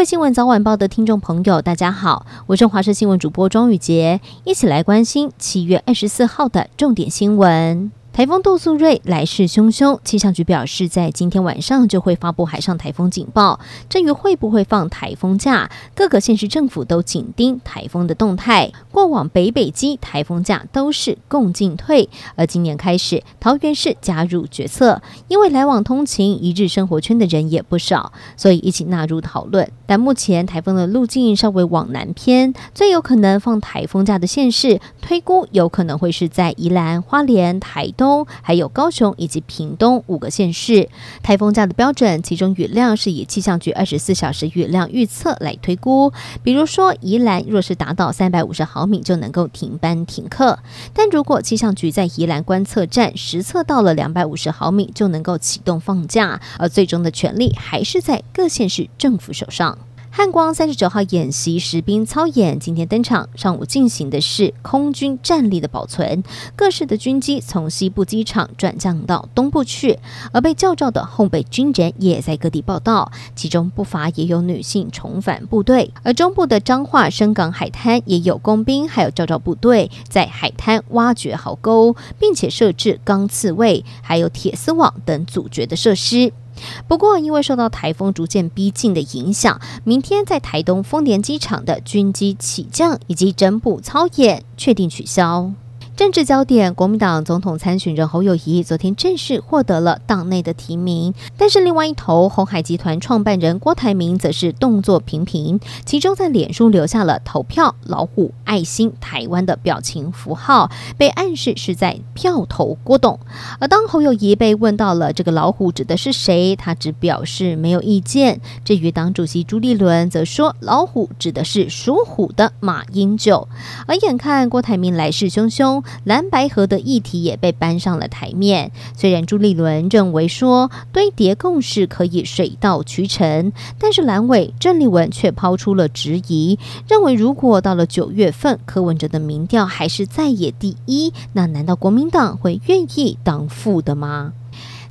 《各位《新聞早晚報》的聽眾朋友，大家好，我是華視新聞主播莊雨潔，一起來關心七月二十四號的重點新聞。颱風杜蘇芮來勢洶洶，氣象局表示，在今天晚上就會發布海上颱風警報。至於會不會放颱風假？各個縣市政府都緊盯颱風的動態。過往北北基颱風假都是共進退，而今年開始，桃園市加入決策，因為來往通勤一日生活圈的人也不少，所以一起納入討論。但目前颱風的路徑稍微往南偏，最有可能放颱風假的縣市推估有可能會是在宜蘭、花蓮、台東、還有高雄以及屏東五個縣市。颱風假的標準，其中雨量是以氣象局二十四小時雨量預測來推估。比如說宜蘭若是達到三百五十毫米就能夠停班停課，但如果氣象局在宜蘭觀測站實測到了兩百五十毫米就能夠啟動放假，而最終的權力還是在各縣市政府手上。漢光三十九號演習實兵操演，今天登場。上午進行的是空軍戰力的保存，各式的軍機從西部機場轉降到東部去，而被教召的後備軍人也在各地報到，其中不乏也有女性重返部隊。而中部的彰化深港海灘也有工兵，還有教召部隊在海灘挖掘壕溝，並且設置鋼刺蝟，還有鐵絲網等阻絕的設施。不過，因為受到台風逐漸逼近的影響，明天在台東豐年機場的軍機起降以及整補操演確定取消。政治焦點，國民黨總統參選人侯友宜昨天正式獲得了黨內的提名，但是另外一頭鴻海集團創辦人郭台銘則是動作頻頻，其中在臉書留下了投票老虎、愛心、台灣的表情符號，被暗示是在票投郭董。而當侯友宜被問到了這個老虎指的是誰，他只表示沒有意見。至於黨主席朱立倫則說，老虎指的是屬虎的馬英九。而眼看郭台銘來勢洶洶。藍白合的議題也被搬上了台面。雖然朱立倫認為說堆疊共識可以水到渠成，但是藍委鄭麗文卻拋出了質疑，認為如果到了九月份柯文哲的民調還是在野第一，那難道國民黨會願意當副的嗎？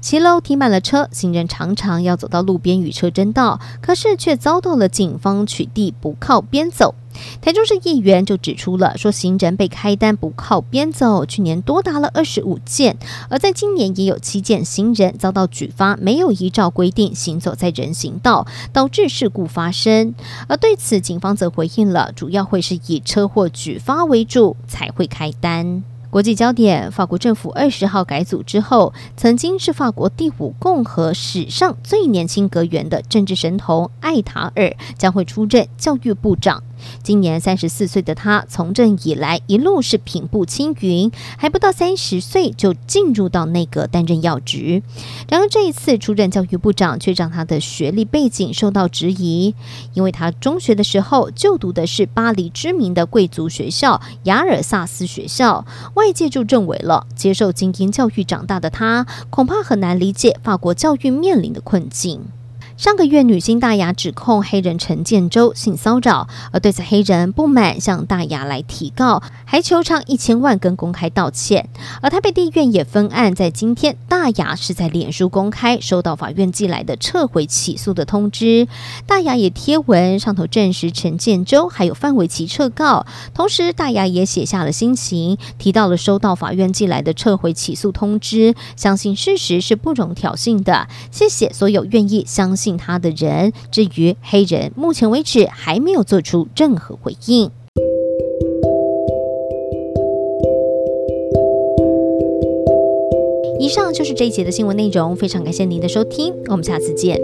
騎樓停滿了車，行人常常要走到路邊與車爭道，可是卻遭到了警方取締，不靠邊走。台中市議員就指出了，說行人被開單不靠邊走，去年多達了二十五件，而在今年也有七件行人遭到舉發，沒有依照規定行走在人行道，導致事故發生。而對此，警方則回應了，主要會是以車禍舉發為主，才會開單。國際焦點，法國政府二十號改組之後，曾經是法國第五共和史上最年輕閣員的政治神童艾塔爾將會出任教育部長。今年三十四歲的他，從政以來一路是平步青雲，還不到三十歲就進入到內閣擔任要職。然而這一次出任教育部長，卻讓他的學歷背景受到質疑，因為他中學的時候就讀的是巴黎知名的貴族學校雅爾薩斯學校，外界就證偽了，接受精英教育長大的他，恐怕很難理解法國教育面臨的困境。上個月，女星大牙指控黑人陳建州性騷擾，而對此黑人不滿向大牙來提告，還求償一千萬跟公開道歉。而台北地院也分案，在今天，大牙是在臉書公開收到法院寄來的撤回起訴的通知。大牙也貼文上頭證實陳建州還有范瑋琪撤告，同時大牙也寫下了心情，提到了收到法院寄來的撤回起訴通知，相信事實是不容挑釁的。謝謝所有願意相信他的人，至於黑人，目前為止還沒有做出任何回應。以上就是這一節的新聞內容，非常感謝您的收聽，我們下次見。